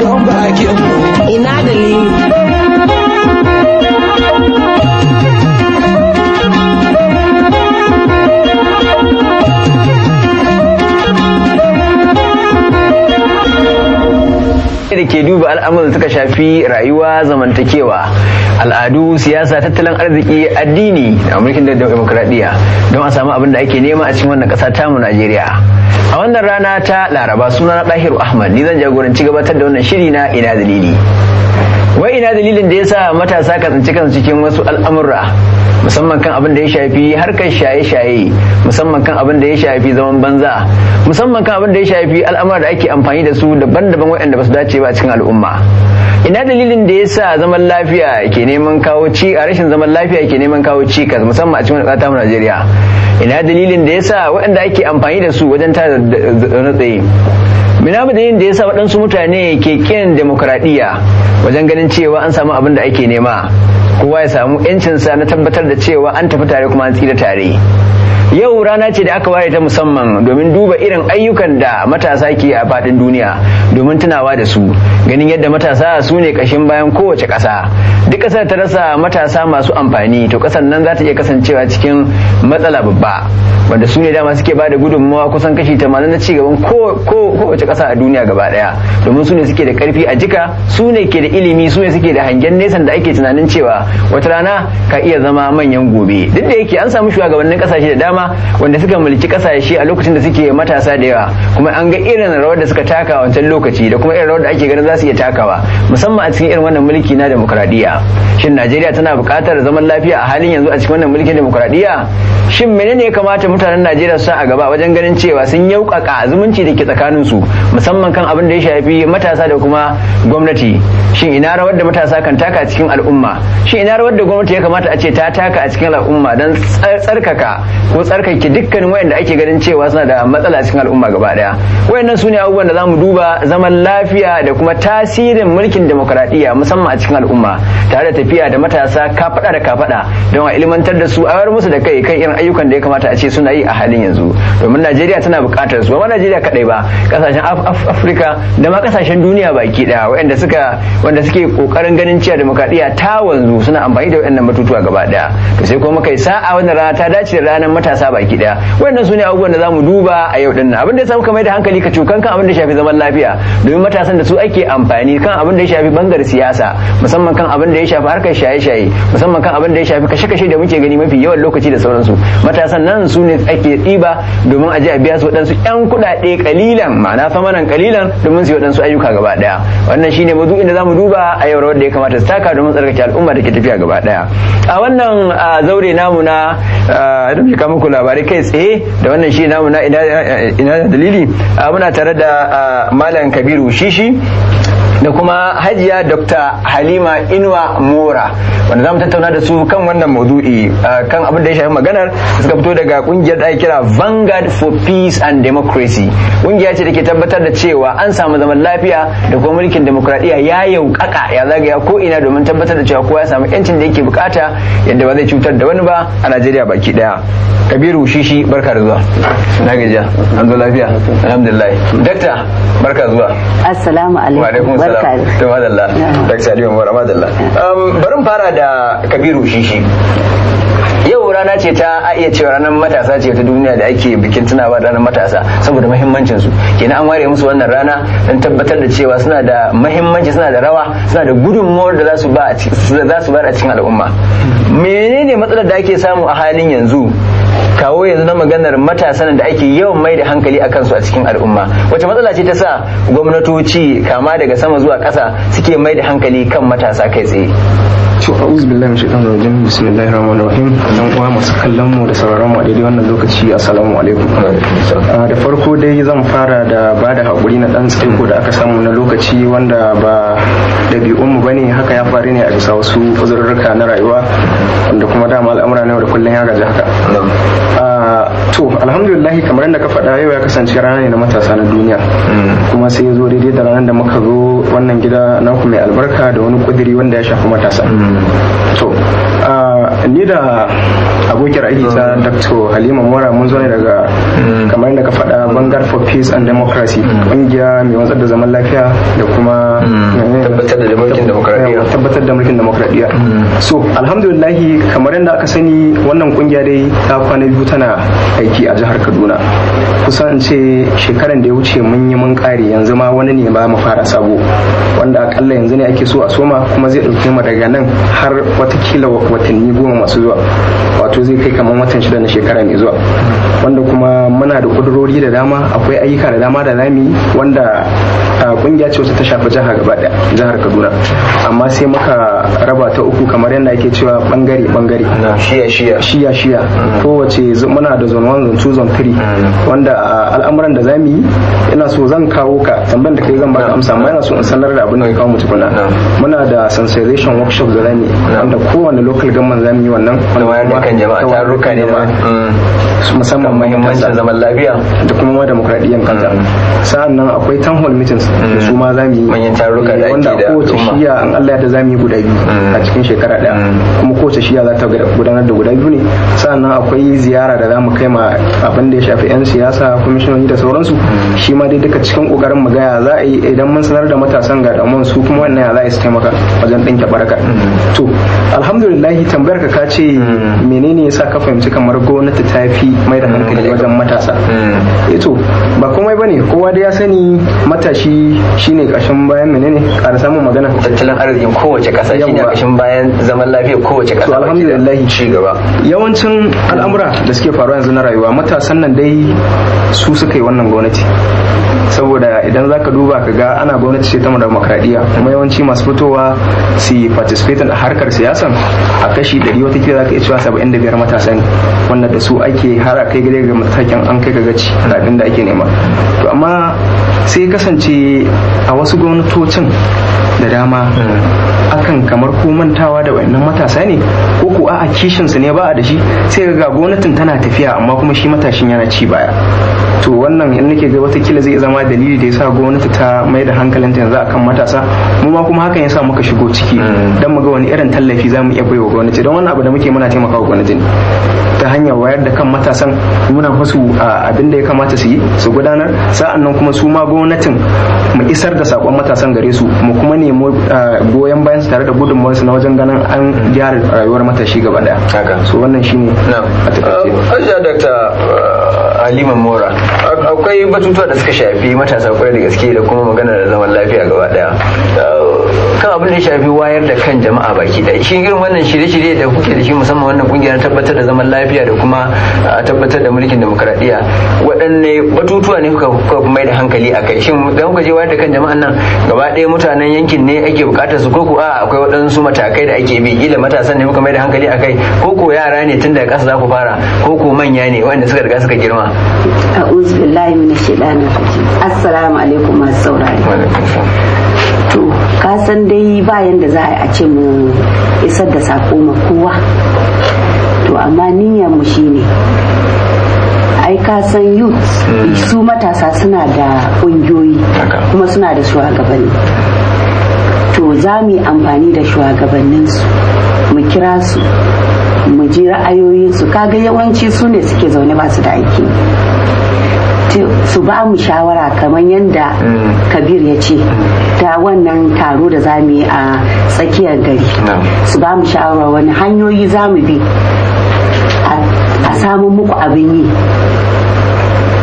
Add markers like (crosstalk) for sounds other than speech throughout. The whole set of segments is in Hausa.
da ke duba al'amuran da suka shafi rayuwa zamantakewa al'adu siyasa tattalin arziki addini da mulkin da demokradiyya don a samu abin da ake nema a cikin wannan ƙasa tamu najeriya a wannan rana ta laraba suna na ɗahiru ahmad ni zan jagoranci gabatar da wannan shiri na ina dalili wai ina dalilin da ya sa matasa ka tsinci kansu cikin wasu al'amurra musamman kan abin da ya shafi harkar shaye-shaye musamman kan abin da ya shafi zaman banza musamman kan abin da ya shafi al'amura da ake amfani da su daban-daban waɗanda ba su dace ba a cikin al'umma ina dalilin da yasa zaman lafiya ke neman kawo ci a rashin zaman lafiya ke neman kawo ci kas musamman a cikin ƙasar Najeriya ina dalilin da yasa waɗanda ake amfani da su wajen tada zaune tsaye mina da yin da yasa waɗansu mutane ke kin demokradiyya wajen ganin cewa an samu abin da ake nema kowa ya samu 'yancinsa na tabbatar da cewa an tafi tare kuma an tsira tare yau rana ce da aka ware ta musamman domin duba irin ayyukan da matasa ke a faɗin duniya domin tunawa da su ganin yadda matasa su ne ƙashin bayan kowace ƙasa duk ƙasar ta rasa matasa masu amfani to ƙasar nan za ta iya kasancewa cikin matsala babba wanda su ne dama suke bada gudunmawa kusan kashi tamanin na gaban kowace ƙasa a duniya gaba ɗaya domin su ne suke da ƙarfi a jika su ne ke da ilimi su ne suke da hangen nesa da ake tunanin cewa wata rana ka iya zama manyan gobe duk da yake an samu shugabannin ƙasashe da dama dama wanda suka mulki kasashe a lokacin da suke matasa da yawa kuma an ga irin rawar da suka taka a wancan lokaci da kuma irin rawar da ake ganin za su iya takawa musamman a cikin irin wannan mulki na demokradiyya shin najeriya tana buƙatar zaman lafiya a halin yanzu a cikin wannan mulkin demokradiyya shin menene ya kamata mutanen najeriya su a gaba wajen ganin cewa sun yauƙaƙa zumunci da ke tsakanin su musamman kan abin da ya shafi matasa da kuma gwamnati shin ina rawar da matasa kan taka a cikin al'umma shin ina rawar da gwamnati ya kamata a ce ta taka a cikin al'umma don tsarkaka ko tsarkake dukkanin wayanda ake ganin cewa suna da matsala a cikin al'umma gaba daya wayannan sune abubuwan da zamu duba zaman lafiya da kuma tasirin mulkin demokradiyya musamman a cikin al'umma tare da tafiya da matasa kafada da kafada don a ilmantar da su a musu da kai kan irin ayyukan da ya kamata a ce suna yi a halin yanzu domin Najeriya tana buƙatar su ba Najeriya kadai ba kasashen Afirka da ma kasashen duniya baki daya wayanda suka wanda suke kokarin ganin cewa demokradiyya ta wanzu suna amfani da wayannan batutuwa gaba daya to sai kuma kai sa'a wannan rana ta dace da ranar matasa ƙasa baki daya wannan su ne abubuwan da za mu duba a yau din abin da ya samu kamar da hankali ka cukan kan abin da shafi zaman lafiya domin matasan da su ake amfani kan abin da ya shafi bangar siyasa musamman kan abin da ya shafi harkar shaye-shaye musamman kan abin da ya shafi kashe-kashe da muke gani mafi yawan lokaci da sauransu matasan nan su ne ake tsiba domin a a biya su waɗansu 'yan kuɗaɗe kalilan ma'ana samanan kalilan domin su yi waɗansu ayyuka gaba ɗaya wannan shine mazu'in da zamu duba a yau rawar da ya kamata su taka domin tsarkake al'umma da ke tafiya gaba ɗaya a wannan zaure namu na da muka muku labarai kai tsaye da wannan shi namu na ina dalili muna tare da malam kabiru shishi da kuma hajiya dr halima inuwa mora wanda zamu tattauna da su kan wannan maudu'i kan abin da ya shafi maganar suka fito daga kungiyar da kira vanguard for peace and democracy kungiya ce da ke tabbatar da cewa an samu zaman lafiya da kuma mulkin demokradiyya ya yaukaka ya zagaya ko ina domin tabbatar da cewa kowa ya samu yancin da yake bukata yadda ba zai cutar da wani ba a najeriya baki daya kabiru shishi barka da zuwa na gajiya an zo lafiya alhamdulillah dakta barka zuwa assalamu alaikum barka da madalla dakta aliyu mura madalla um, bari mu fara da kabiru shishi yau rana ce ta a iya cewa ranar matasa ce ta duniya da ake bikin tunawa da ranar matasa saboda mahimmancin su kenan an ware musu wannan rana don tabbatar da cewa suna da mahimmanci suna da rawa suna da gudunmawar da za su ba a cikin al'umma menene matsalar da ake samu a halin yanzu kawo yanzu na maganar matasan da ake yawan mai da hankali a kansu a cikin al'umma wace matsala ce ta sa gwamnatoci kama daga sama zuwa ƙasa suke mai da hankali kan matasa kai tsaye to a'udhu billahi minash shaitanir rajim bismillahir rahmanir rahim dan uwa masu kallon mu da sauraron mu a daidai wannan lokaci assalamu alaikum ah, da farko dai zan fara da bada hakuri na dan ko da aka samu na lokaci wanda ba dabi'un mu bane haka ya faru ne a bisa wasu uzurruka na rayuwa wanda kuma dama al'amura ne da kullun ya gaji haka to alhamdulillah kamar yadda ka faɗa yau ya kasance rana ne na matasa na duniya mm. kuma sai ya zo daidai da ranar da muka zo wannan gida naku mai albarka da wani kudiri wanda ya shafi matasa mm. to ni da abokin aiki ta dr halima mora mun zo ne daga mm. kamar yadda ka faɗa vanguard for peace and democracy mm. ƙungiya mai wanzar da zaman lafiya da kuma mm. eh, tabbatar da mulkin demokradiyya so alhamdulillahi kamar yadda aka sani wannan kungiya dai ta kwana biyu tana aiki a jihar kaduna kusan ce shekaran da ya wuce mun yi mun kare yanzu ma wani ne ba mu fara sabo wanda akalla yanzu ne ake so a soma kuma zai ɗauke mu daga nan har watakila watanni goma goma masu zuwa wato zai kai kamar watan shida na shekara mai zuwa wanda kuma muna da kudurori da dama akwai ayyuka da dama da zamu yi wanda kungiya ce wacce ta shafi jihar gaba daya jihar kaduna amma sai muka raba ta uku kamar yadda ake cewa bangare bangare shiya shiya shiya shiya mm. kowace muna da zone 1 zone 2 zone 3 mm. wanda al'amuran da zamu yi ina so zan kawo ka tambayar da kai zan baka amsa amma ina so in sanar da abin da kawo mu tukuna muna da sensation workshop da zamu yi wanda kowane local government zamu yi wannan wanda kan jama'a taruka ne ma mm. musamman muhimmancin zaman lafiya da kuma demokradiyyan kanta sa'annan akwai town hall meetings Mm. su ma za mu yi manyan taruka da wanda kowace shiya an Allah ya ta za mu yi guda biyu mm. a cikin shekara ɗaya mm. kuma kowace shiya za ta gudanar da guda biyu ne sannan akwai ziyara da za mu kai ma abin da ya shafi 'yan siyasa kwamishinoni da sauransu shi ma dai duka cikin ƙoƙarin mu gaya za a yi idan mun sanar da matasan ga damuwan su kuma wannan ya za a su taimaka wajen ɗinke baraka to alhamdulillahi tambayar ka ka ce menene yasa ka fahimci kamar gwamnati ta fi mai da hankali wajen matasa eh to ba komai bane kowa da ya sani matashi shi shine kashin bayan menene ƙara samun magana tattalin arzikin kowace ƙasa shine kashin bayan zaman lafiya kowace kasa to alhamdulillah ci gaba yawancin al'amura da suke faruwa yanzu na rayuwa matasan nan dai su suka yi wannan gwamnati saboda idan za ka duba ka ga ana gwamnati ce ta demokradiyya kuma yawanci masu fitowa su participate a harkar siyasan a kashi 100 watakila za ka iya cewa 75 matasa ne wanda da su ake har a kai gare ga matakin an kai ga gaci da abin da ake nema to amma sai kasance a wasu gwamnatocin da dama akan kamar ko mantawa da wayannan matasa ne ko ko kishin su ne ba a da shi sai ga gwamnatin tana tafiya amma kuma shi matashin yana ci baya to wannan in nake ga watakila zai zama dalili da yasa gwamnati ta mai da hankalinta yanzu akan matasa mu ma kuma hakan yasa muka shigo ciki mm. dan mu wani irin tallafi za mu iya baiwa gwamnati don wannan abu da muke muna taimakawa gwamnati ne ta hanyar wayar da kan matasan muna musu abin da ya kamata su yi su gudanar sa'annan kuma su ma gwamnatin mu isar da sakon matasan gare su mu kuma ne nemo ah, goyon bayan su tare da gudunmawar su na wajen ganin an gyara rayuwar matashi gaba daya so wannan shine a takaice ah, dr ah, halima mora akwai batutuwa da suka shafi matasa kwarai da gaske da kuma magana da zaman lafiya gaba daya kan abin da ya shafi wayar da kan jama'a baki da shi irin wannan shirye-shirye da kuke da shi musamman wannan kungiyar tabbatar da zaman lafiya da kuma tabbatar da mulkin demokradiyya waɗanne batutuwa ne kuka mai da hankali a kai shin da kuka je wayar da kan jama'an nan gaba ɗaya mutanen yankin ne ake buƙatar su ko ko a akwai waɗansu matakai da ake bi ila matasan ne kuka mai da hankali a kai ko ko yara ne tun da ƙasa za ku fara ko ko manya ne wanda suka riga suka girma a'udhu billahi minash shaitani assalamu alaikum masu saurari to ka san dai bayan da za a ce mu isar da sako ma kowa to amma niyyar mu shine ai ka san youth hmm. su matasa suna da ƙungiyoyi kuma suna da shugabanni to za mu yi amfani da shugabanninsu mu kira su mu ji ra'ayoyinsu kaga yawanci su ne suke zaune ba su da aiki su ba mu shawara kamar yadda mm. kabir ya ce ta wannan taro da za mu yi a tsakiyar gari su ba mu shawara wani hanyoyi za mu bi a samu muku abin yi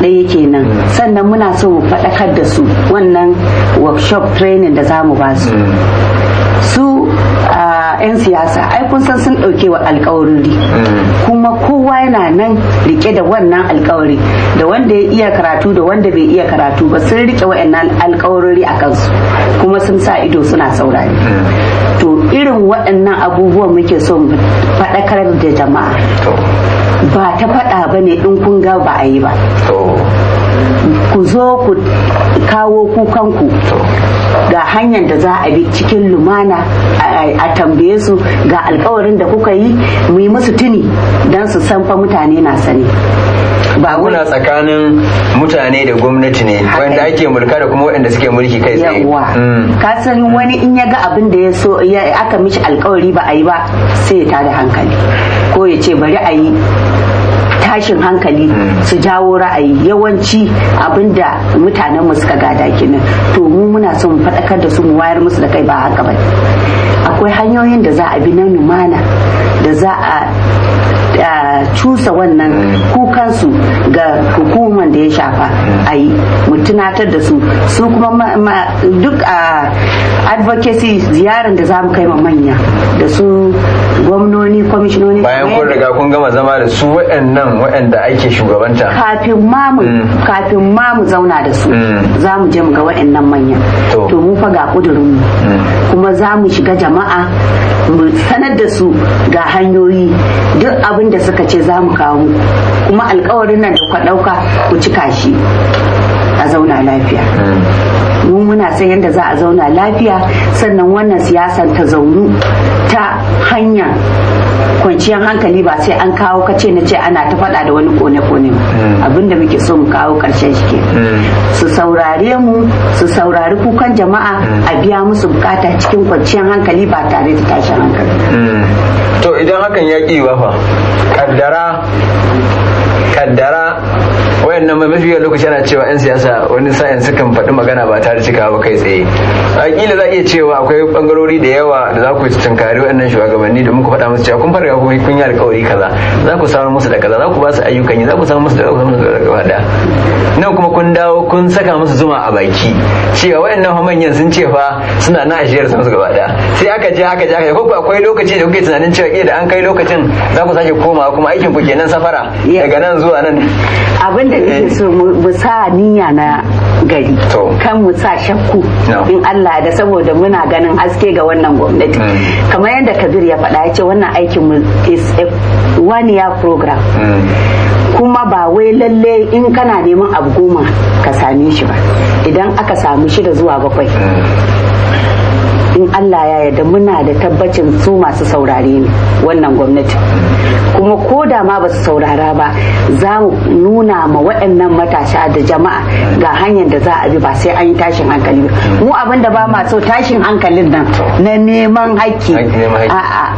ɗaya kenan mm. sannan muna so mu faɗakar da su wannan workshop training da za mu ba su mm. su 'yan siyasa ai kun san sun ɗauke wa alkawarori kuma kowa yana nan rike da wannan alkawari da wanda ya iya karatu da wanda bai iya karatu ba sun rike wa'annan alkawarori a kansu kuma sun sa ido suna saurari to irin waɗannan abubuwan muke son faɗakar da jama'a ba ta faɗa ba ne in kun ga ba a yi ba ku zo ku kawo kukanku ga hanyar da za a bi cikin lumana a tambaye su ga alkawarin da kuka yi mu yi musu tuni don su san fa mutane na sani ba kuna tsakanin mutane da gwamnati ne wanda ake mulka da kuma waɗanda suke mulki kai tsaye mm. ka san wani in ya ga abin da ya so aka mishi alkawari ba a yi ba sai ya tada hankali ko ya ce bari a yi tashin hankali su jawo ra'ayi yawanci abinda mutanen mu suka gada kenan to mu muna son faɗakar da su mu wayar musu da kai ba haka ba akwai hanyoyin da za a bi na lumana da za a cusa wannan kukansu ga hukumar da ya shafa a yi mu tunatar da su su kuma duk a advocacy ziyarar da za mu kai ma manya da su gwamnoni kwamishinoni bayan kun riga kun gama zama da su waɗannan waɗanda ake shugabanta kafin mamu. Mm. kafin mamu zauna da su mm. za mu je mu ga waɗannan manya to mu fa ga kudurin mu mm. kuma za mu shiga jama'a mu sanar da su ga hanyoyi duk abu abin da suka ce za mu kawo kuma alkawarin nan da ku ɗauka ku cika shi a zauna lafiya mu muna san yadda za a zauna lafiya sannan wannan siyasar ta zaunu ta hanya kwanciyar hankali ba sai an kawo kace na ce ana ta faɗa da wani kone-kone hmm. abinda muke so mu kawo ƙarshen shi ke hmm. su saurare mu su saurari kukan jama'a hmm. a biya musu bukata cikin kwanciyar hankali ba tare da tashin hankali to idan hakan ya ƙi ba fa kaddara kaddara wayannan mafi yawan lokaci ana cewa yan siyasa wani sa'in sukan faɗi magana ba tare cika ba kai tsaye akila za a iya cewa akwai bangarori da yawa da za ku tunkari wayannan shugabanni da muka faɗa musu cewa kun fara kuma kun yi alƙawari kaza za ku samar musu da kaza za ku ba su ayyukan yi za ku samar musu da gaba da nan kuma kun dawo kun saka musu zuma a baki cewa wayannan manyan sun ce fa suna na ajiyar su gaba da sai aka je aka je aka ko akwai lokaci da kuke tunanin cewa da an kai lokacin za ku sake komawa kuma aikin ku kenan safara daga nan zuwa nan da so mu sa niyya na gari kan mu sa shakku in Allah da saboda muna ganin haske ga wannan gwamnati mm. kamar yadda Kabir ya faɗa ya ce wannan aikin mu is a one year program mm. kuma ba wai lalle in kana neman abu goma ka same shi ba idan aka samu shida zuwa bakwai mm. in Allah ya yarda muna da tabbacin su masu saurare ne wannan gwamnati kuma ko da ma ba su saurara ba za mu nuna ma waɗannan matasha da jama'a ga hanyar da za a bi ba sai an yi tashin hankali ba mu abin da ba ma so tashin hankalin nan na neman haƙƙi a'a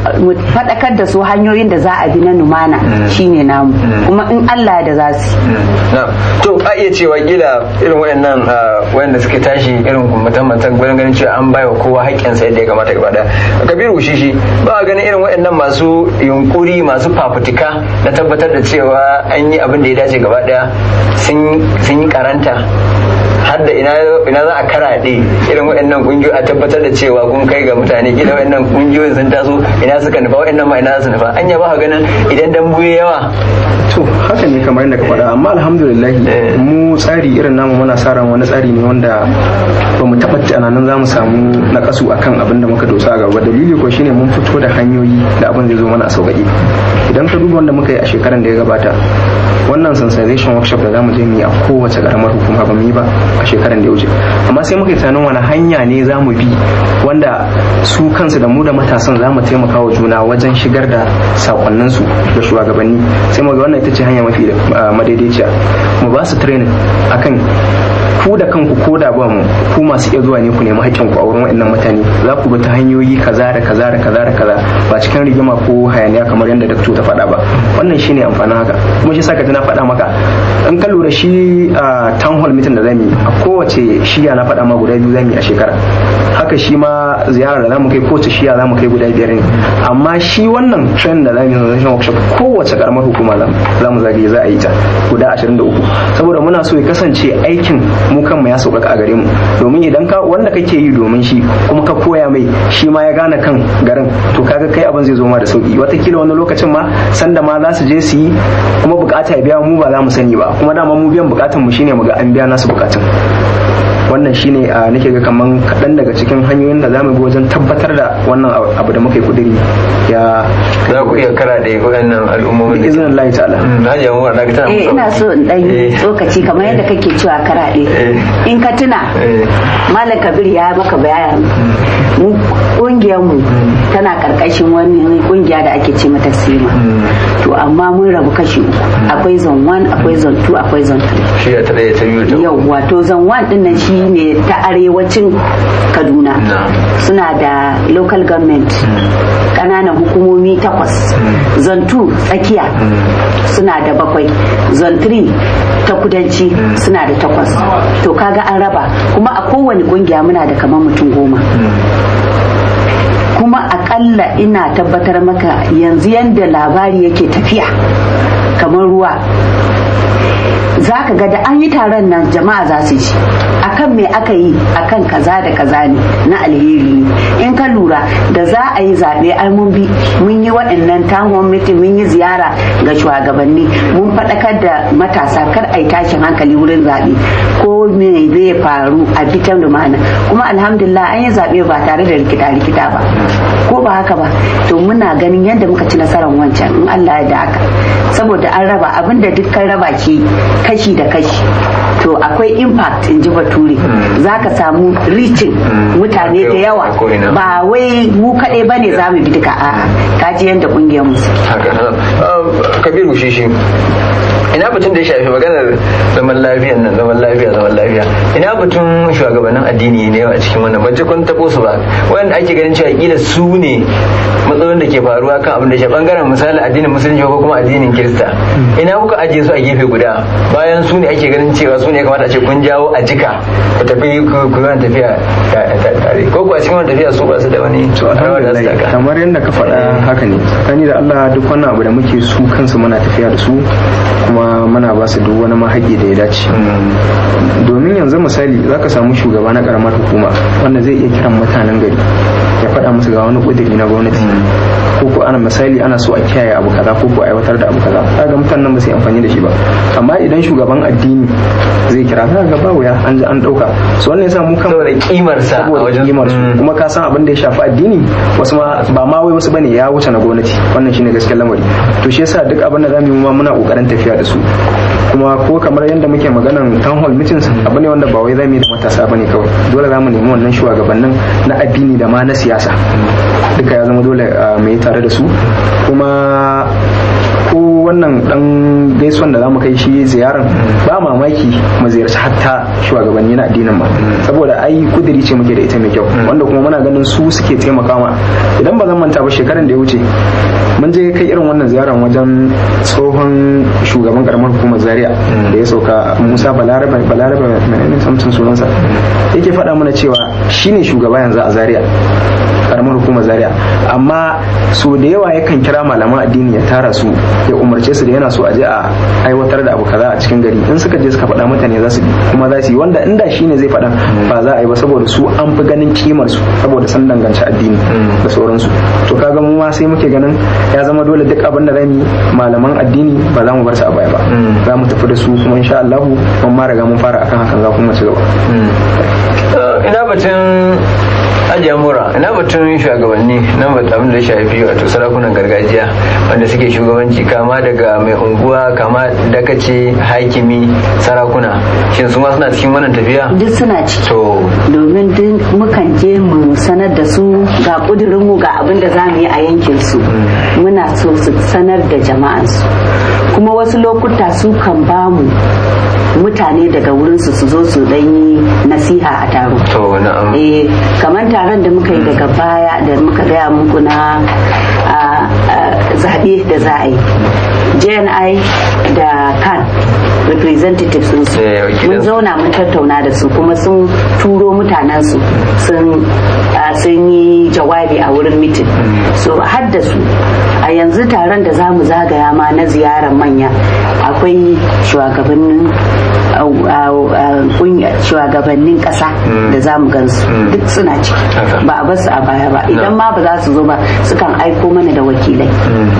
faɗakar da su hanyoyin da za a bi na numana mm. shine namu mm. kuma in Allah da za su mm. to a iya cewa kila irin waɗannan ah, waɗanda suke tashi irin mutum gwanin ganin cewa an bai wa kowa haƙƙi kansa yadda ya kamata gaba da kabiru shi shi ba a ganin irin waɗannan masu yunkuri masu fafutuka na tabbatar da cewa an yi abin da ya dace gaba daya sun yi karanta da ina za a karaɗe irin waɗannan ƙungiyoyi a tabbatar da cewa kun kai ga mutane kila waɗannan ƙungiyoyin sun taso ina suka nufa waɗannan ma ina su nufa yaba ka ganin idan dan buye yawa to haka ne kamar yadda ka faɗa amma alhamdulillah eh. mu tsari irin namu muna sa ran wani tsari ne wanda ba mu taɓa tunanin za mu samu nakasu akan abin da muka dosa gaba dalili ko shine mun fito da hanyoyi da abin zai zo mana a sauƙaƙe idan ka duba wanda muka yi a shekaran da ya gabata wannan sensation workshop da zamu je mu yi a kowace karamar hukuma ba mu yi ba a shekaran da ya wuce amma sai muka tunanin wani hanya ne za mu bi wanda su kansu da mu da matasan za mu taimaka wa juna wajen shigar da sakonnin su da shugabanni sai mu ga wannan ita ce hanya mafi ah, madaidaiciya mu ba su training akan ku da kanku ko da ba mu ku masu iya zuwa ne ku nemi haƙƙin ku a wurin waɗannan mutane za ku bi ta hanyoyi kaza da kaza da kaza da kaza ba cikin rigima ko hayaniya kamar yadda dakto ta faɗa ba wannan shine amfanin haka kuma shi saka na faɗa maka in ka lura shi a ah, town hall meeting da zamu yi a kowace shiya na faɗa ma guda biyu zamu yi a shekara haka shi ma ziyarar da za mu kai ko kowace shiya mu kai guda biyar ne amma shi wannan trend da mu yi na workshop kowace karamar hukuma za mu zage za a yi ta guda 23 saboda muna so ya kasance aikin mu kanmu ya sauƙaƙa a gare mu domin idan ka wanda kake yi domin shi kuma ka koya mai shi ma ya gane kan garin to kaga kai abin zai zo ma da sauki watakila wani lokacin ma sanda ma za su je su yi kuma bukata ya biya mu ba za mu sani ba kuma dama mu biyan bukatun mu shine mu ga an biya nasu bukatun wannan shine a ah, nake ga kaman kaɗan daga cikin hanyoyin da za mu bi wajen tabbatar da wannan abu da muka yi kudiri ya za ku iya kara da waɗannan al'ummomi da izinin Allah ta'ala mm, na ji mu na tana eh ina so in dan eh. tsokaci kamar yadda kake cewa kara eh. in ka tuna eh. malam kabir ya maka bayani mu kungiyar mu mm. tana karkashin wani kungiya da ake ce mata sima hmm. to amma mun rabu kashi uku hmm. akwai zan 1 akwai zan 2 akwai zan 3 shi ya ta daya ta biyu ta yawwa to zan 1 din nan shi ne ta arewacin kaduna suna da local government kananan hmm. hukumomi takwas Zan 2 tsakiya suna da bakwai Zan 3 ta kudanci suna da takwas to kaga an raba kuma a kowane kungiya muna da kamar mutum goma akalla ina tabbatar maka yanzu yadda labari yake tafiya kamar ruwa za ka ga da an yi taron nan jama'a za su ji akan me aka yi akan kaza da kaza ne na alheri ne in ka lura da za a yi zaɓe ai mun bi mun yi waɗannan tahon mitin mun yi ziyara ga shugabanni mun faɗakar da matasa kar a yi tashin hankali wurin zaɓe ko me zai faru a bitan lumana kuma alhamdulillah an yi zaɓe ba tare da rikita rikita ba ko ba haka ba to muna ganin yadda muka ci nasarar wancan in Allah ya da haka saboda an raba abin da dukkan raba ke kashi da kashi to akwai impact in ji bature hmm. za ka samu reaching hmm. mutane da yawa ba wai mu kaɗai ba ne za mu bi duka a kaji yadda ƙungiyar musu uh, kabiru ina batun da ya shafi maganar zaman lafiya nan zaman lafiya zaman lafiya ina batun shugabannin addini ne a cikin wannan ba kun tabo su ba wanda ake ganin cewa kila su ne matsalolin da ke faruwa kan abin da shafi bangaren misali addinin musulunci ko kuma addinin kirista ina kuka ajiye su a gefe guda bayan su ne ake ganin cewa su ne kamata a ce kun jawo a jika ku tafi ku yawan tafiya tare ko a cikin wani tafiya su ba su da wani rawar da su kamar yadda ka faɗa haka ne sani da Allah duk wannan abu da muke su kansu muna tafiya da su kuma kuma muna ba su duk wani mahaƙi da ya dace domin yanzu misali za ka samu shugaba na karamar hukuma wanda zai iya kiran mutanen gari ya faɗa musu ga wani ƙudiri na gwamnati ko ko ana misali ana so a kiyaye abu kaza ko ko aiwatar da abu kaza kaga mutanen ba su amfani da shi ba amma idan shugaban addini zai kira za ga ba wuya an an dauka so wannan yasa mu kan saboda kimar sa a wajen kimar su mm. kuma ka san abin da ya shafi addini wasu ma ba ma wai wasu bane ya wuce na gwamnati wannan shine gaskiyar lamari to shi yasa duk abin da zamu yi ma muna kokarin tafiya da su su kuma ko kamar yadda muke maganan town hall meetings abu ne wanda ba wai zai da matasa bane kawai dole za mu nemi wannan shugabannin na addini da ma na siyasa duka ya zama dole ah, mai tare da su kuma wannan dan gaisuwan da zamu kai shi ziyaran ba mamaki mu ziyarci hatta shugabanni na addinin ma saboda ai kudiri ce muke da ita mai kyau wanda kuma muna ganin su suke taimakawa idan ba zan manta ba shekaran da ya wuce mun je kai irin wannan ziyaran wajen tsohon shugaban karamar hukumar zaria da ya sauka musa balaraba balaraba mai samsun sunansa yake faɗa mana cewa shine shugaba yanzu a zaria karamar hukumar zaria amma so da yawa yakan kira malaman addini ya tara su ya umar umarce su da yana so a je a aiwatar da abu kaza a cikin gari in suka je suka faɗa mutane za su kuma za su yi wanda inda shi ne zai faɗa ba za a yi ba saboda su an fi ganin kimar su saboda san danganci addini hmm. da sauransu to kaga mu ma sai muke ganin ya zama dole duk abin da zamu malaman addini ba za mu bar su a baya ba hmm. za mu tafi da su kuma insha Allah mun ma riga mun fara akan hakan za kuma ci gaba hmm. ina batun ajiya mura ina batun shugabanni na batun abin da shafi wato sarakunan gargajiya wanda suke shugabanci kama daga mai unguwa kama dakace hakimi sarakuna shin su ma suna cikin wannan tafiya duk suna ciki to domin duk mukan je mu sanar da su ga kudirin mu ga abin da za mu yi a yankin su hmm. muna so su sanar da jama'an su kuma wasu lokuta su kan bamu mutane daga wurinsu su zo su yi nasiha a taro eh kamar taron da muka yi daga baya da muka gaya muku na zaɓe da za a yi jni da kan representatives sun su eh, mun zauna mun tattauna da su kuma sun turo mutanen su sun yi jawabi a wurin mitin hmm. so hadda su a yanzu taron da zamu zagaya ma na ziyarar manya akwai shugabannin shugabannin kasa hmm. da za gansu hmm. duk suna ciki ba a basu a baya ba idan ma ba za su zo ba sukan aiko mana da wakilai hmm.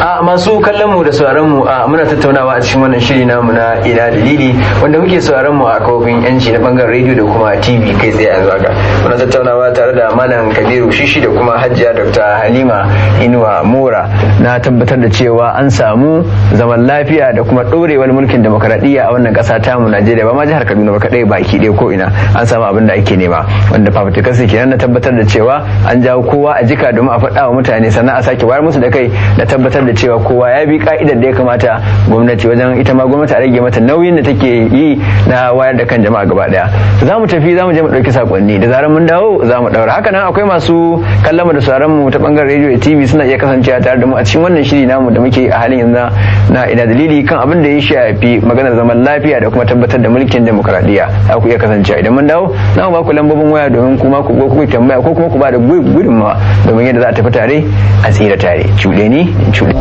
a masu kallon mu da sauraron mu muna tattaunawa a cikin wannan shiri namu na ina dalili wanda muke sauraron mu a kafofin yanci na bangaren rediyo da kuma tv kai tsaye yanzu haka muna tattaunawa tare da malam kabiru shishi da kuma hajjiya dr halima inuwa mora na tabbatar da cewa an samu zaman lafiya da kuma ɗorewar mulkin demokrasi demokaradiyya a wannan kasa tamu Najeriya ba ma jihar Kaduna ba kadai baki ɗaya ko ina an samu abin da ake nema wanda fafutukar su kenan na tabbatar da cewa an jawo kowa a jika domin a faɗa wa mutane sannan a sake wayar musu da kai da tabbatar da cewa kowa ya bi ka'idar da ya kamata gwamnati wajen ita ma gwamnati a rage mata nauyin da take yi na wayar da kan jama'a gaba daya za mu tafi za mu je mu ɗauki sakonni da zarar mun dawo za mu ɗaura haka nan akwai masu kallon mu da sauran mu ta bangaren radio da tv suna iya kasancewa tare da mu a cikin wannan shiri namu da muke a halin yanzu na ina dalili kan abin da ya shafi magana maganar zaman lafiya da kuma tabbatar da mulkin demokradiyya za ku iya kasance idan mun dawo za ba ku lambobin waya domin kuma ku ko kuma tambaya ko kuma ku ba da gudunmawa domin yadda za a tafi tare a tsira tare cuɗe ni cuɗe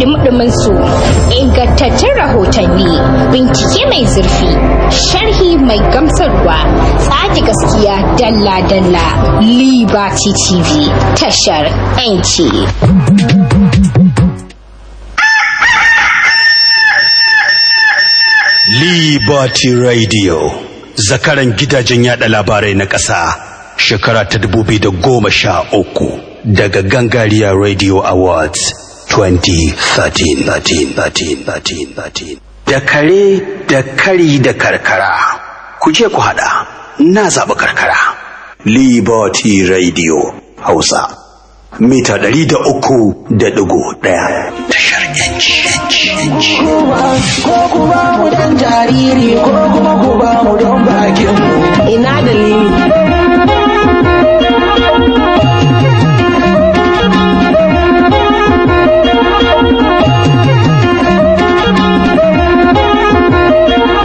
dumudumin su ingantaccen rahotanni bincike mai zurfi sharhi mai gamsarwa tsaki gaskiya dalla-dalla liberty tv tashar 'yanci. Liberty Radio zakaran gidajen yada labarai na ƙasa shekara ta dubu biyu da goma sha uku daga gangariya Radio Awards. 2013 da kare da kari da karkara ku je ku hada na zaɓi karkara liberty radio hausa mita ɗari da uku da ɗigo ɗaya tashar yanci ina dalili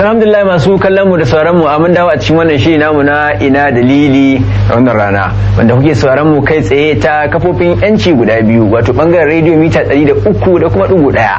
alhamdulillah masu kallon mu da sauran mu mun dawo a cikin wannan shiri namu na ina dalili a wannan rana wanda kuke sauran mu kai tsaye ta kafofin yanci guda biyu wato bangaren radio mita 300 da kuma dugu ɗaya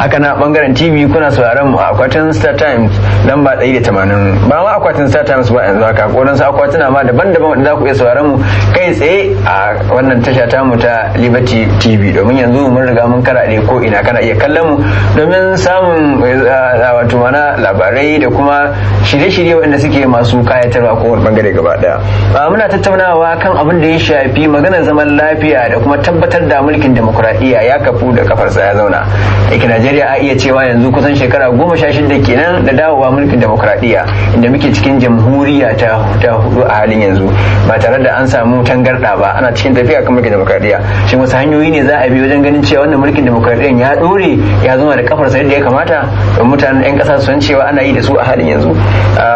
haka na bangaren tv kuna sauran mu a akwatin star times lamba 180 ba ma akwatin star times ba yanzu haka ko dan akwatuna ma daban-daban wanda za ku iya sauran mu kai tsaye a wannan tasha ta mu ta liberty tv domin yanzu mun riga mun ne ko ina kana iya kallon mu domin samun eh, wato mana labarai yi da kuma shirye-shirye waɗanda suke masu kayatarwa ko wani bangare gaba daya ah, muna tattaunawa kan abin da ya shafi maganar zaman lafiya da kuma tabbatar da mulkin demokuraɗiyya ya kafu da kafarsa ya zauna yake najeriya a iya cewa yanzu kusan shekara goma sha shida kenan da dawowa mulkin demokuraɗiyya inda muke cikin jamhuriya ta hudu a halin yanzu ba tare da an samu tangarɗa ba ana cikin tafiya kan mulkin demokuraɗiyya shin wasu hanyoyi ne za a bi wajen ganin cewa wannan mulkin demokuraɗiyyan ya ɗore ya zama da kafarsa yadda ya kamata don mutanen 'yan ƙasa san cewa ana yi da su a halin yanzu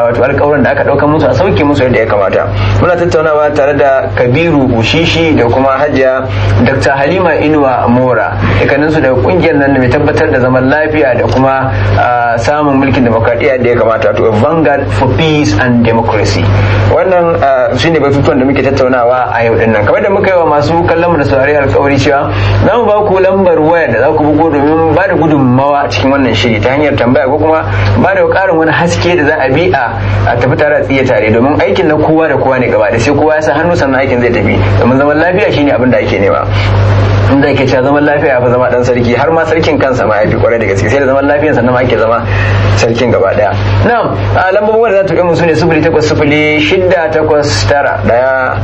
wato alƙawuran da aka ɗauka musu a sauke musu yadda ya kamata muna tattaunawa tare da kabiru bushishi da kuma hajiya dr halima inuwa mora su daga kungiyar nan mai tabbatar da zaman lafiya da kuma samun mulkin demokradiyya da ya kamata to vanguard for peace and democracy wannan shine batutuwan da muke tattaunawa a yau din nan kamar da muka yi wa masu kallon mu da saurari alkawari cewa za mu ba ku lambar waya da za ku bugo domin ba da gudunmawa cikin wannan shiri ta hanyar tambaya ko kuma ba da ƙara tsarin wani haske da za a bi a tafi tare a tsiye tare domin aikin na kowa da kowa ne gaba da sai kowa ya sa hannu sannan aikin zai tafi domin zaman lafiya shine abin da ake nema inda ake cewa zaman lafiya fi zama dan sarki har ma sarkin kansa ma fi kwarai da gaske sai da zaman lafiyan sannan ma ake zama sarkin gaba daya na'am lambobin da za ta kai mu sune 0806 tara daya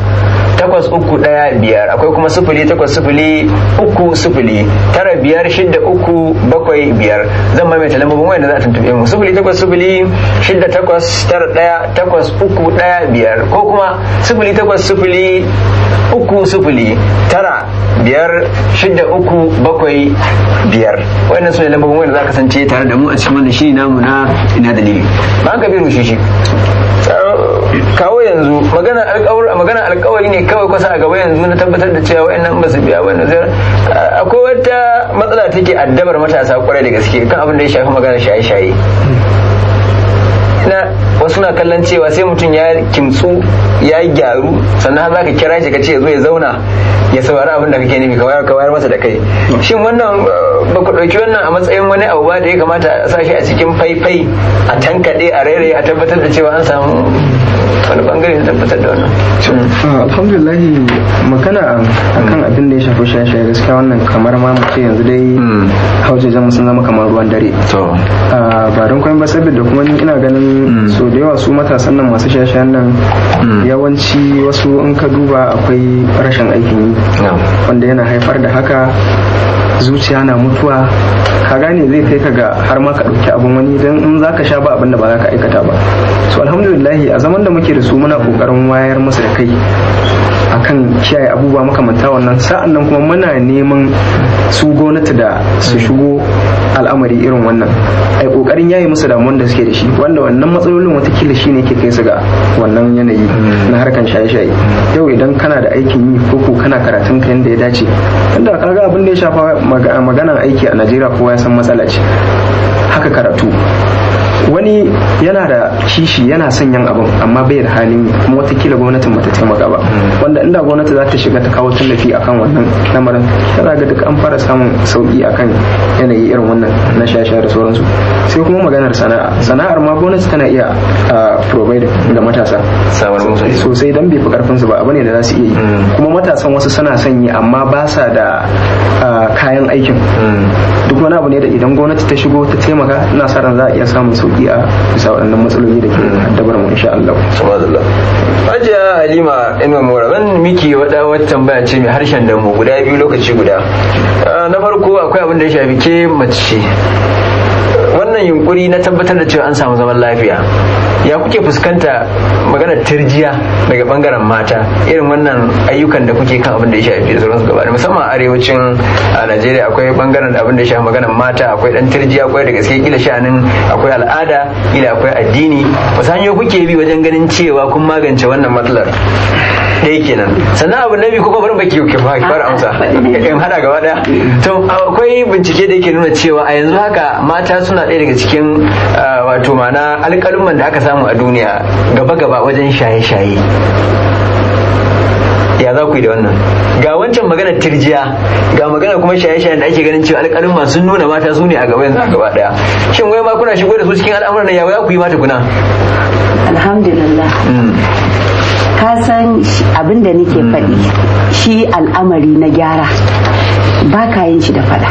takwas uku ɗaya biyar akwai kuma sufuli takwas sufuli uku sufuli tara biyar shidda uku bakwai biyar zan maimaita lambobin wanda za a tuntuɓe mu sufuli takwas sufuli shidda takwas tara ɗaya takwas uku ɗaya biyar ko kuma sufuli takwas sufuli uku sufuli tara biyar shidda uku bakwai biyar wannan su ne lambobin wanda za a kasance tare da mu a cikin wannan shiri namu na ina dalili ba ka bi rushe shi kawo yanzu magana alkawari ne kawai kusa a gaba yanzu na tabbatar da cewa wayannan ba su biya wannan zai akwai wata matsala take addabar matasa kwarai da gaske kan abin da ya shafi magana shaye-shaye na wasu na kallon cewa sai mutum ya kimtsu ya gyaru sannan za ka kira shi ka ce zo ya zauna ya saurari abin da kake nemi ka wayar masa da kai shin wannan uh, ba ku ɗauki wannan a matsayin wani abu ba da ya kamata a sa shi a cikin faifai a tankaɗe a rairaye a tabbatar da cewa an samu bangare da tabbatar da wannan ah, alhamdulillah magana kan abin da ya shafi shaye-shaye gaskiya wannan kamar ma mace yanzu dai hmm. haujajen sun zama kamar ruwan dare ah, ba don kwan ba saboda kuma ni ina ganin hmm. so da yawa su matasan nan masu shaye nan hmm. yawanci wasu in ka duba akwai rashin aikin yi wanda yana haifar da haka zuciya na mutuwa ka gane zai kai ka ga har ma ka ɗauki abin wani don in za ka sha ba abin da ba za ka aikata ba so alhamdulillahi a zaman da muke da su muna ƙoƙarin wayar musu da kai akan kiyaye abubuwa makamanta wannan sa'an nan kuma muna neman su gwamnati da su shigo al'amari irin wannan ai kokarin yayi musu damuwan da suke da shi wanda wannan matsalolin watakila shi ne ke kai su ga wannan yanayi hmm. na harkan shaye-shaye yau idan kana da aikin yi ko kana karatun ka yanda ya dace tunda kaga abin da ya shafa maganan aiki a najeriya kowa ya san matsala ce haka karatu wani yana da kishi yana son yan abin amma bai da halin kuma kila gwamnatin bata taimaka ba wanda inda gwamnati za ta shiga ta kawo tallafi akan wannan lamarin tana ga duk an fara samun sauki akan yanayi irin wannan na shasha da sauransu sai kuma maganar sana'a sana'ar ma gwamnati tana iya provide ga matasa sosai dan bai fi karfin su ba abu ne da za su iya yi mm. kuma matasan wasu suna yi amma ba sa da kayan aikin mm. duk wani abu ne da idan gwamnati ta shigo ta taimaka ina sa ran za a iya samun sauki a bisa waɗannan matsaloli da ke haddabar mu insha Allah subhanallah hajiya halima ina mora ban miki wada wata tambaya ce mai harshen da mu guda biyu lokaci guda ah, na farko akwai abin da ya shafi ke mace wannan yunkuri na tabbatar da cewa an samu zaman lafiya ya kuke fuskanta maganar tirjiya daga bangaren mata irin wannan ayyukan da kuke kan abin da ya shafi da su gaba musamman arewacin a najeriya akwai bangaren da abin da ya shafi maganar mata akwai dan tirjiya akwai da gaske kila sha'anin akwai al'ada kila akwai addini wasu hanyoyi kuke bi wajen ganin cewa kun magance wannan matsalar ɗaya kenan sannan abu na biyu ko barin baki ke fara amsa in hada gaba daya to akwai bincike da yake nuna cewa a yanzu haka mata suna ɗaya daga cikin ah, wato mana alƙaluman da aka samu a duniya gaba-gaba wajen shaye-shaye ya za ku yi da wannan ga wancan magana tirjiya ga magana kuma shaye-shayen da ake ganin cewa alƙalin sun nuna mata su ne a gaba yanzu a gaba daya shin wai ma kuna shigo da su cikin al'amuran ya za ku yi mata kuna alhamdulillah hmm. ka san abin da nake mm. faɗi shi al'amari na gyara ba ka yin shi da faɗa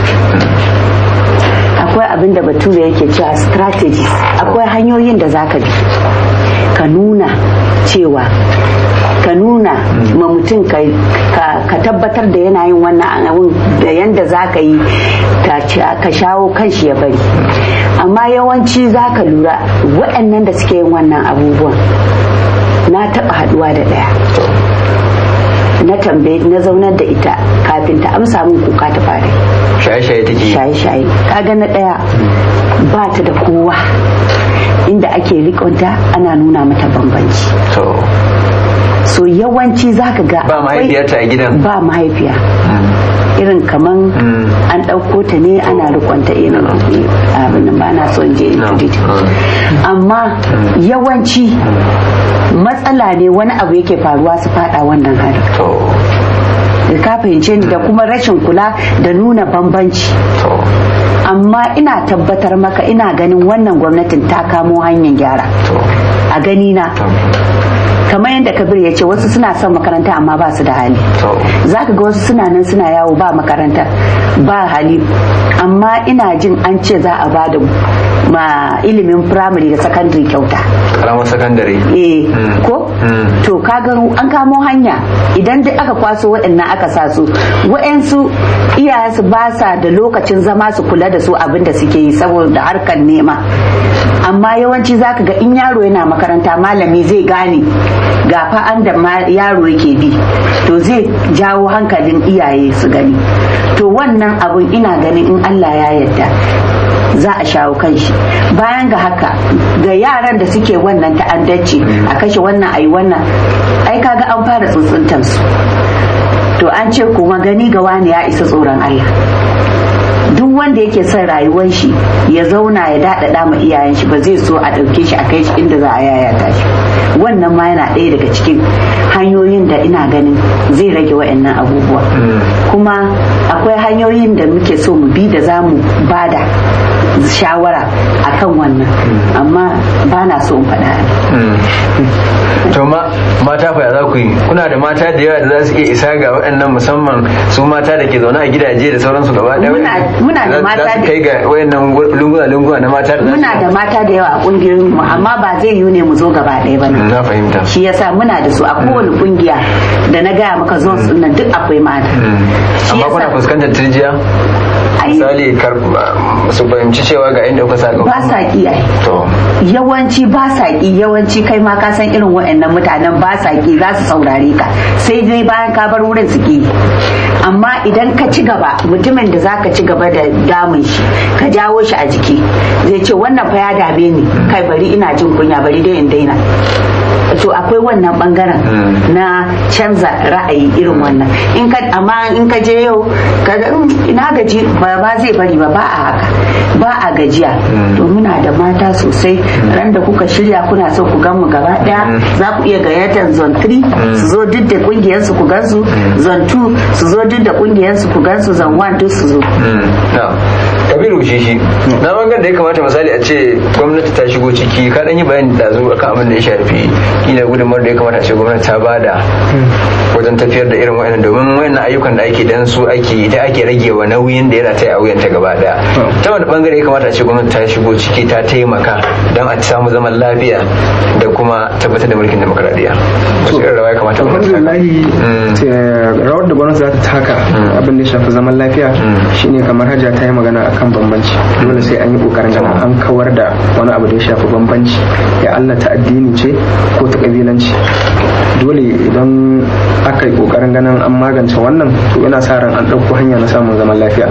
akwai abin da bature yake cewa strategies akwai hanyoyin da za ka bi ka nuna cewa ka nuna mm. ma mutum ka tabbatar da yana yin wannan abin da yanda za ka yi ka shawo kanshi ya bari amma yawanci za ka lura waɗannan da suke yin wannan abubuwan na taɓa haɗuwa da ɗaya na tambaye na zaunar da ita kafin ta amsa min kuka ta fara shaye-shaye take shaye-shaye ga na ɗaya ba ta da kowa inda ake rikonta ana nuna mata bambanci so yawanci zaka ga ba mahaifiyarta ta gidan ba mahaifiya mm. irin kaman mm. an ɗauko ta ne ana rikonta irin abin ba na son je mm. amma mm. yawanci matsala ne wani abu yake faruwa su faɗa wannan hali ka fahimce ni da kuma rashin kula da nuna bambanci amma ina tabbatar maka ina ganin wannan gwamnatin ta kamo hanyar gyara a ganina. kamar yadda kabir ya ce wasu suna son makaranta amma ba su da hali za ka ga wasu suna nan suna yawo ba makaranta ba hali amma ina jin an ce za a bada ma ilimin firamare da sakandare kyauta karamar sakandare eh hmm. ko hmm. to kaga an kamo hanya idan duk aka kwaso waɗannan aka sa su waɗansu iyayensu ba sa da lokacin zama su kula da su abin da suke yi saboda harkar nema amma yawanci zaka ga in yaro yana makaranta malami zai gane ga fa an da yaro yake bi to zai jawo hankalin iyaye su gani to wannan abun ina ganin in Allah ya yarda za a shawo kan shi bayan ga haka ga yaran da suke wannan ta'addanci a kashe wannan ayi wannan ai kaga an fara tsuntsuntar su to an ce kuma gani ga wani ya isa tsoron Allah duk wanda yake son rayuwar shi ya zauna ya daɗaɗa ma iyayen shi ba zai so a ɗauke shi a kai shi inda za a yaya ta shi wannan ma yana ɗaya daga cikin hanyoyin da ina ganin zai rage wa'annan abubuwa hmm. kuma akwai hanyoyin da muke so mu bi da za mu bada shawara akan wannan amma ba na so in faɗa hmm. to mata fa za ku yi kuna da mata da yawa da za su iya isa ga waɗannan musamman su mata da ke zaune a gidaje da sauransu gaba ɗaya muna da mata da kai ga waɗannan lunguna lunguna na mata muna da mata da yawa a ƙungiyar mu amma ba zai yiwu ne mu zo gaba ɗaya ba na fahimta shi yasa muna da su a kowane hmm. ƙungiya da na gaya maka zo su duk akwai mata hmm. amma kuna fuskantar turjiya misali su fahimci cewa ga inda kuka saka ba sa kiya to yawanci ba sa ki yawanci kai ma ka san irin waɗannan mutanen ba sa ki za su saurare ka sai dai bayan ka bar wurin su ki amma idan ka ci gaba mutumin da zaka ci gaba da damun shi ka jawo shi a jiki zai ce wannan fa ya dame ni kai bari ina jin kunya bari dai in daina to akwai wannan bangaren hmm. na canza ra'ayi irin wannan in ka amma in ka je yau ga hmm, ina gaji ba zai bari ba ba a haka ba a gajiya to muna da mata sosai ran da kuka shirya kuna so ku gan mu gaba daya za ku iya gayyatar zone 3 su zo duk da kungiyar su ku gan su zone 2 su zo duk da kungiyar su ku gan su zone 1 duk su zo hmm, kabiru shi na magan da ya kamata misali a ce gwamnati ta shigo ciki ka dan yi bayani da zo kan abin da ya shafi kila gudunmawar da ya kamata a ce gwamnati ta bada wajen tafiyar da irin wayannan domin wayannan ayyukan da ake dan su ake ita ake rage wa nauyin da ya rataya a wuyan ta gaba daya ta wani bangare ya kamata a ce gwamnati ta shigo ciki ta taimaka don a samu zaman lafiya da kuma tabbatar da mulkin demokradiyya mm. eh, rawar da gwamnati za ta taka mm. abin da ya shafi zaman lafiya mm. shine kamar hajja ta yi magana akan bambanci dole sai an yi kokarin da an kawar da wani abu da ya shafi bambanci ya allah ta addini ce ko ta kabilanci dole idan aka yi kokarin ganin an magance wannan to ina sa ran an ɗauko hanya na samun zaman lafiya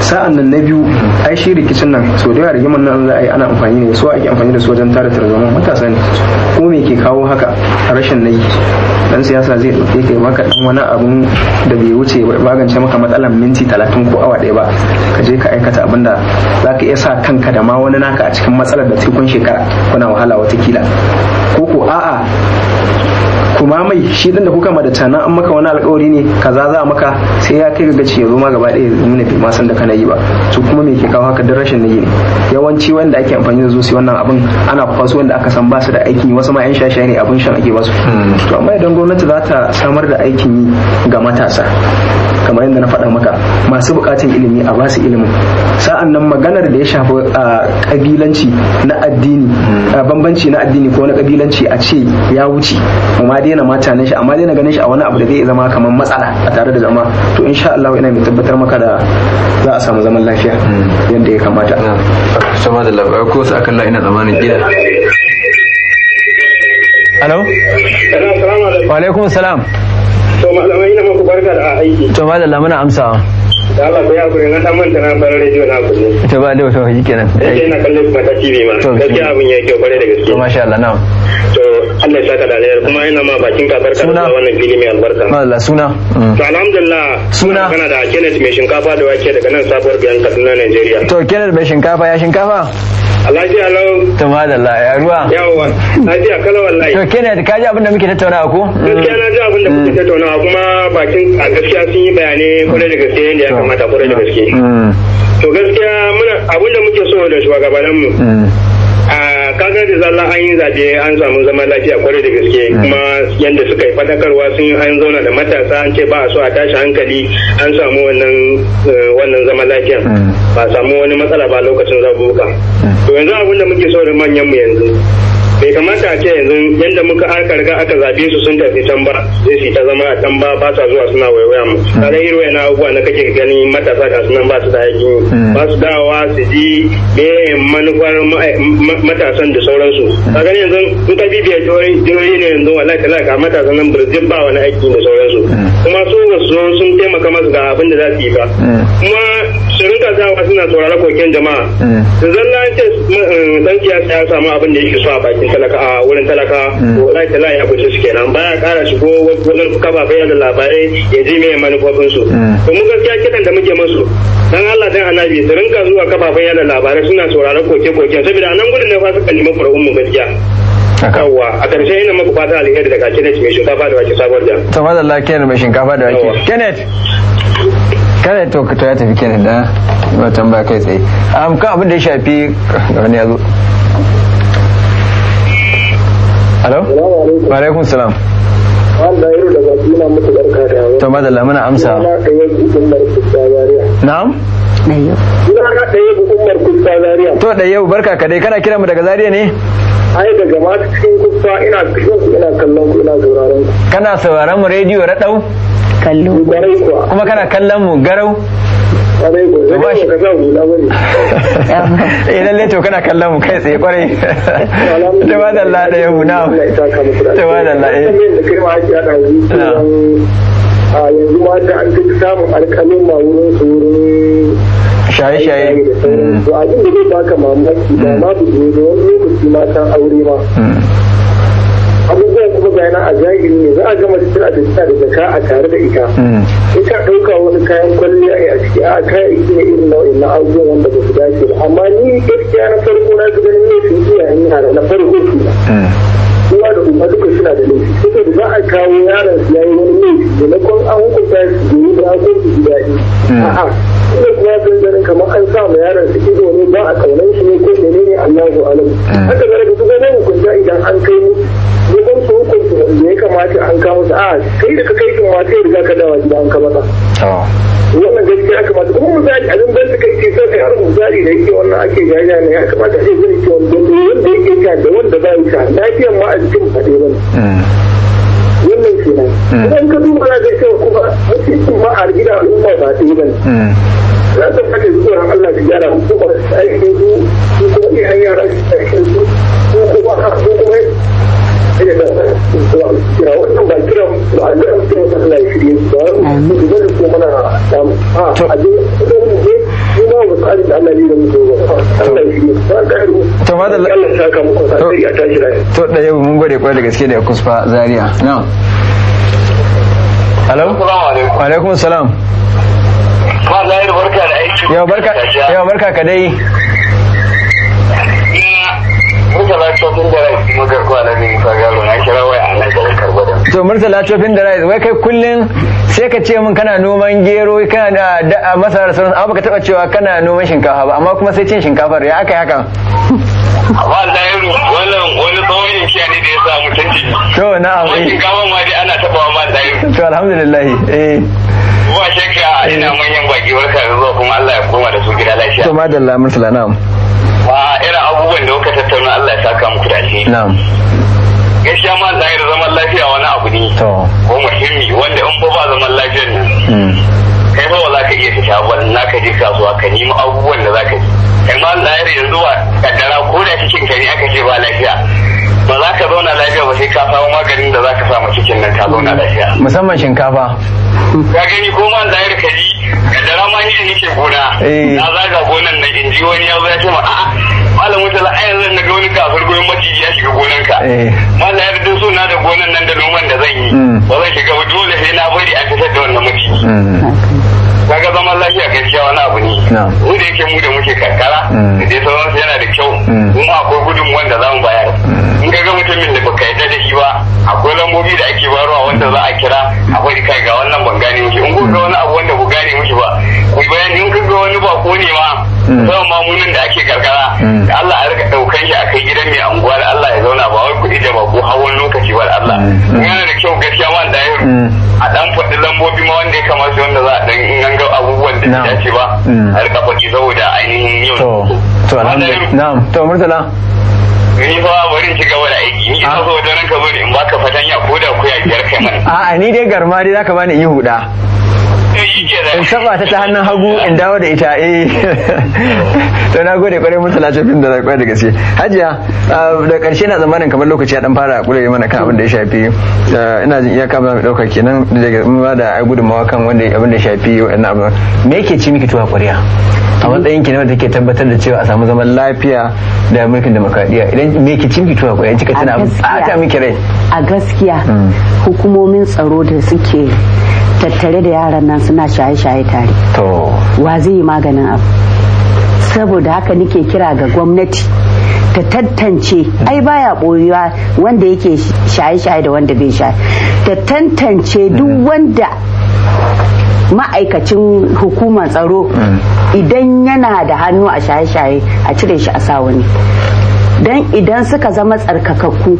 sa'an nan na biyu ai shi rikicin nan so da yawa rigimar nan za a yi ana amfani ne so ake amfani da su wajen tara zaman matasa ne ko me ke kawo haka rashin nayi dan siyasa zai dauke kai maka dan wani abun da bai wuce magance maka matsalar minti talatin ko awa ɗaya ba ka je ka aikata abin da za ka iya sa kanka da ma wani naka a cikin matsalar da sai shekara kuna wahala watakila ko ko a'a kuma mai shi din da kuka ma da tana an maka wani alƙawari ne kaza za maka sai ya kai ga gaci ya zo ma gaba ɗaya nuna bi ma san da kana yi ba to kuma me ke kawo haka da rashin nayi ne yawanci wanda ake amfani da su wannan abin ana kwaso wanda aka san ba su da aikin yi wasu ma yan shashaye ne abin shan ake basu hmm. to amma idan gwamnati za ta samar da aikin yi ga matasa kamar yadda na faɗa maka masu buƙatar ilimi a basu ilimin sa'an nan maganar da ya shafi a ƙabilanci na addini hmm. bambanci na addini ko na ƙabilanci a ce ya wuce amma daina ma shi amma daina ganin shi a wani abu da zai zama kamar matsala a tare da zama to insha Allah ina mai tabbatar maka da za a samu zaman lafiya hmm. yadda ya kamata sama da labar ko sa akalla ina zamanin gida alo wa alaikum salam to malamai ina muku barka da aiki to malalla muna amsawa da Allah ku ya kure na dan manta na fara radio na kunne ita ba da wata kenan eh na kalle kuma ta TV ma gaskiya abun yake kware da gaske to masha Allah na'am Allah ya saka dariyar kuma ina ma bakin ka barka da wannan fili mai albarka Allah suna mm. to alhamdulillah suna kana da Kenneth mai shinkafa da wake daga nan sabuwar biyan Kaduna Nigeria to Kenneth mai shinkafa ya shinkafa Alhaji Alau. To madalla ya ruwa. Yawwa. Alhaji Akala wallahi. To Kenneth ka ji abin da muke tattaunawa ko? Gaskiya na ji abin da muke mm. tattaunawa kuma bakin a gaskiya sun yi bayanai kwarai da gaske yadda ya kamata kwarai da gaske. Mm. To gaskiya muna abin da muke so da shugabanninmu. kaga da zalla an yi zaɓe an samu zaman lafiya kwarai da gaske mm. kuma yadda suka yi fadakarwa sun an zauna da matasa an ce ba a so a tashi hankali an samu wannan eh, zaman lafiyan mm. ba samu wani matsala ba lokacin zabuka mm. to yanzu abin da muke so da manyan mu yanzu bai kamata a ce yanzu yadda muka aka riga aka zabe su sun tafi can ba zai su ta zama a can ba ba sa zuwa suna waiwaya mu mm. kaga yi wayan abubuwa na kake gani matasa ga sunan ba su da yaki mm. ba su dawa su ji bai manufar matasan da sauransu gani yanzu in ka bibiya jihohi ne yanzu wallahi kala ga matasan nan birjin ba wani aiki da sauransu mm. kuma su wasu sun taimaka masu ga abin da za su yi ba kuma tattaunawa suna saurara kokin jama'a eh. da zalla ce eh, dan kiyasa ya samu abin da yake so a bakin talaka a wurin talaka eh. wallahi ta layi abin su kenan baya kara shigo wajen kafafen da labarai ya ji mai manufofin su to mun gaskiya kiran da muke musu. dan Allah dan annabi su rinka zuwa kafafen da labarai suna sauraron koke-koken saboda anan gudun ne fa suka nemi furuhun mu gaskiya yawwa a ƙarshe ina muku fata alheri daga Kenneth mai shinkafa da wake sabuwar jam. Tamadalla Kenneth mai shinkafa da wake. Kenneth. kada to ka ta tafi kenan da ba kai tsaye am kan abin da ya shafi wani yazo alo wa alaikum salam wanda yaro daga muna mutu barka da to madalla muna amsa na'am Dayyau. Suna na Dayyau Umar Kusta barka ka dai kana kira mu daga Zaria ne? Ai daga ma cikin kusa ina cikin ina kallon ku ina sauraron ku. Kana sauraron mu rediyo raɗau? Kallo. Kuma kana kallon mu garau? (laughs) eh lalle to kana kallon mu kai tsaye kwarai (laughs) ta ba da Allah yau na ta ba da Allah eh a yanzu mata an fi samun alƙalin ma wurin su wurin shaye-shaye mm. to abin da zai baka mamaki ba mm. ma bu zo da wani lokaci ma kan aure ma mm. abubuwan kuma bayanan a zahiri ne za a gama cikin a da jaka a tare da ita in ka ɗauka wani kayan kwalliya a ciki a iji ne irin nau'in na abubuwan wanda ba su dace ba amma ni gaskiya na farko na gudanar ne su iya hanyar na farko su kowa da uba duka suna da laifi saboda ba a kawo yaron su yayi wani laifi da na kwan an hukunta su da yi da hakun su daɗi a'a ya zo kamar an sa ma yaron su ido ne ba a kaunan shi ne ko ne ne Allahu alam hmm. haka da su ganin hukunta idan an kai mu ban su hukunta da ya kamata an kawo su a kai da ka kai kin ma sai riga ka dawo gida an ka mata wannan gaskiya kamata kuma misali abin ban su kai ce sai kai har misali da yake wannan ake jaya ne ya kamata a ce zai ce wanda yake ka da wanda ba ka lafiyar ma a cikin faɗe bane hmm. wannan kenan hmm. idan ka duba na ga kuma mutum ma a gida al'umma ba ta yi bane na san kake zuwa Allah da yara ko ba sai ne su ko ko iya yara da shi su ko ba ka ko ko ne da to kira wannan ba kira ba a ya kira ta Allah ya shirye su mu da ko mana a aje ko ne ko ba wa tsari da Allah ne da mu Allah ya shirye ta da to ma da Allah ya saka mu sai ya tashi da to da yau mun gode kwarai da gaske da kusfa zaria na'am Hello? Assalamu alaikum. Wa alaikum salam. Ma zahir barka yau barka yau barka ka dai Murtala Chopin da kira To Murtala Chopin da Rice wai kai kullum sai ka ce min kana noman gero kana da a masara sauran abu baka taba cewa kana noman shinkafa ba amma kuma sai cin shinkafar ya aka yi haka. Amma Allah ya wannan wani tsawon yin ne da ya sa mutunci. To na'am. Eh. Shinkafa ma dai ana tabawa ma Allah ya To alhamdulillah eh. ba shakka ina manyan baki barka da zuwa kuma Allah ya koma da su gida lafiya to madalla murtala na'am ba irin abubuwan da kuka tattauna Allah ya saka muku da alheri na'am gaskiya ma zahir zaman lafiya wani abu ne to ko muhimmi wanda in ba zaman lafiyar nan hmm. kai ba za ka iya fita na ka je kasuwa ka nemi abubuwan da za ka yi kai ma zahir yanzu ba kaddara ko da cikin ka aka ce ba lafiya ba za ka zauna lafiya ba sai ka samu maganin da za ka samu cikin nan ka zauna lafiya musamman shinkafa ka gani ko man zahir ka ji ka dara ma ni nake gona eh. na zaga gonan na inji wani ya zo ya ce ma a'a malam wuta la ayyan zan ga wani kafir goyon maciji ya shiga gonan ka eh. malam ya fito suna da gonan nan da noman da zan yi mm. ba zan shiga dole sai na bari a fitar da wannan maciji mm. kaga zaman lafiya gaskiya wani abu ne mu da yake mu da muke karkara mm. da dai sauransu yana da kyau mm. kuma akwai gudun wanda zamu bayar mm. in ga mutumin da baka yadda da shi ba akwai lambobi da ake barowa wanda za a kira akwai kai ga wannan ban gane mishi in ga wani abu wanda ku gane mishi ba ku bayani in ga wani ba ko ne ma ma mamunin da ake karkara da Allah a rika daukan shi a kai gidan mai anguwa da Allah ya zauna ba wai kuɗi da ba ko hawan lokaci ba Allah yana da kyau gaskiya ma da a dan faɗi lambobi ma wanda ya kamata wanda za a dan ga abubuwan da ba mm. a rika faɗi saboda ainihin yau to to alhamdulillah na'am to murtala ni fa bari ci gaba da aiki ni ina so wajen ba bari in baka fatanya ko da ku biyar kai mana a'a ni dai garma dai zaka bani yi huda in kafa ta ta hannun hagu in dawo da ita eh (laughs) to na gode kwarai musu lafiyafin da kwarai da gaske hajiya ah, da karshe na zamanin kamar lokaci ya dan fara kula mana kan abin da ya shafi ah, ina jin iyaka ba mai dauka kenan daga ba da mawa kan wanda abin da ya shafi wannan abin me yake ci miki tuwa kwariya a matsayin ki ne wanda take tabbatar da cewa a samu zaman lafiya da mulkin demokradiya idan me yake ci miki tuwa kwariya kika tana a ta miki rai a gaskiya hmm. hukumomin tsaro da suke tattare da yaran nan suna shaye-shaye tare to wa zai yi maganin abu saboda haka nike kira ga gwamnati ta tantance ai baya boyuwa wanda yake shaye-shaye da wanda bai shaye ta tantance duk mm. wanda ma'aikacin hukumar tsaro mm. idan yana da hannu a shaye-shaye a cire shi a sa wani don idan suka zama tsarkakakku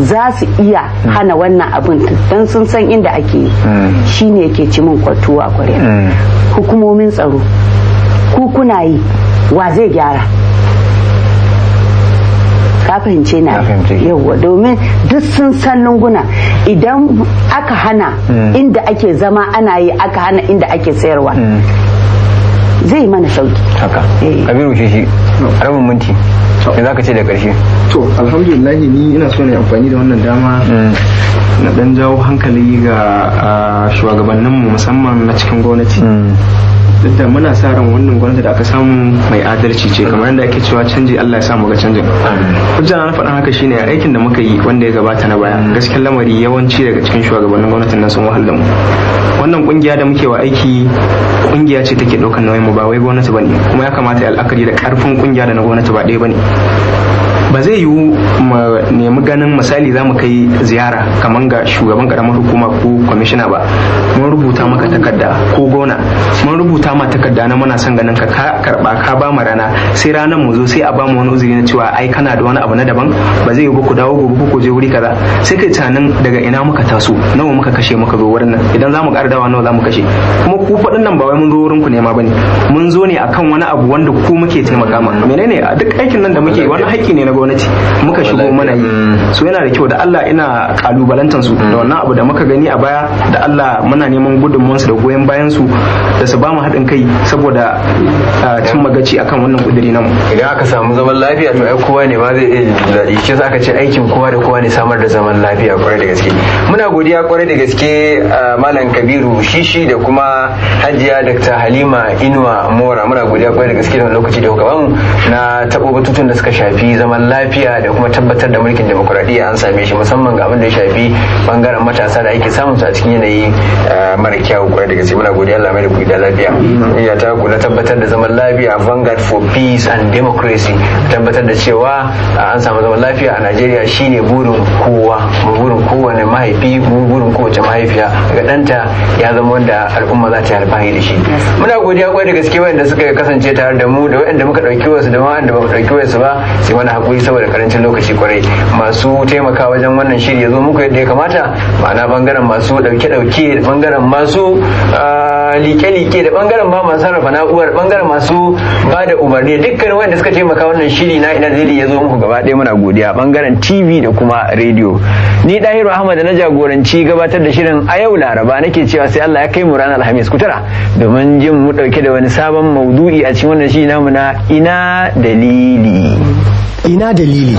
za su iya hana wannan abin don sun san inda ake yi mm. shi ne ke ci min kwatuwa kwarya mm. hukumomin tsaro kukuna kuna yi wa zai gyara ka fahimce na yauwa domin duk sun san lunguna idan aka hana mm. inda ake zama ana yi aka hana inda ake sayarwa zai mana sauki haka eh. abin rushe shi rabin minti me za ka ce da ƙarshe to alhamdulillah ni ina so ne amfani da wannan dama mm. na dan jawo hankali ga ah, shugabanninmu musamman na cikin gwamnati mm. da muna sa ran wannan gwamnati da aka samu mai adalci ce kamar yadda ake cewa canji Allah ya samu ga canjin hujja na faɗin haka shine aikin da muka yi wanda ya gabata na baya gaskiyar lamari yawanci daga cikin shugabannin gwamnatin nan sun wahala mu wannan kungiya da muke wa aiki kungiya ce take ɗaukar nauyin mu ba wai gwamnati bane kuma ya kamata al'akari da karfin kungiya da na gwamnati ba ɗaya bane ba zai yiwu mu nemi ganin misali za mu kai ziyara kamar ga shugaban karamar hukuma ko kwamishina ba mun rubuta maka takarda ko gona mun rubuta ma takarda na muna son ganin ka karba ka ba mu rana sai ranar mu zo sai a ba mu wani uzuri na cewa ai kana da wani abu na daban ba zai yi ku dawo gobe ku je wuri kaza sai kai tunanin daga ina muka taso nawa muka kashe muka zo wurin nan idan zamu ƙara dawa nawa zamu kashe kuma ku faɗin nan ba wai mun zo wurin ku nema ba ne mun zo ne akan wani abu wanda ku muke taimaka ma menene a duk aikin nan da muke wani haƙƙi ne na gwamnati muka shigo mana yi so yana da kyau da Allah ina kalubalantan su da wannan abu da muka gani a baya da Allah muna neman gudunmuwansu da goyon bayansu da su ba mu haɗin kai saboda cin magaci akan wannan kudiri namu idan aka samu zaman lafiya to ai kowa ne ma zai iya jin daɗi shi aka ce aikin kowa da kowa ne samar da zaman lafiya kwarai da gaske muna godiya kwarai da gaske malam kabiru shishi da kuma hajiya dr halima inuwa mora muna godiya kwarai da gaske da lokaci da kuka bamu na taɓo batutun da suka shafi zaman lafiya da kuma tabbatar da mulkin demokuraɗiyya an same shi musamman ga abin da ya shafi bangaren matasa da ake samun su a cikin yanayi mara ƙara kyawun kwarai da gaske muna godiya Allah mai da kuɗi da lafiya ya ta tabbatar da zaman lafiya vanguard for peace and democracy tabbatar da cewa an samu zaman lafiya a Najeriya shine burin kowa mu burin kowane mahaifi mu burin kowace mahaifiya ga danta ya zama wanda al'umma za ta yi alfahari da shi muna godiya kwarai da gaske wanda suka kasance tare da mu da wanda muka ɗauki wasu da wanda ba mu ɗauki wasu ba sai mana hakuri saboda karancin lokaci kwarai masu taimaka wajen wannan shiri ya zo muku yadda ya kamata ma'ana bangaren masu ɗauke-ɗauke bangaren ma masu ah, like-like da bangaren ba masu sarrafa na'urar bangaren masu ba da umarni dukkan wanda suka taimaka wannan shiri na ina zai ya zo muku gaba ɗaya muna godiya bangaren tv da kuma rediyo ni dahiru ahmad na jagoranci gabatar da shirin a yau laraba nake cewa sai allah ya kai mu ranar alhamis kutura domin jin mu ɗauke da wani sabon maudu'i a cikin wannan shiri namu na ina dalili ina dalili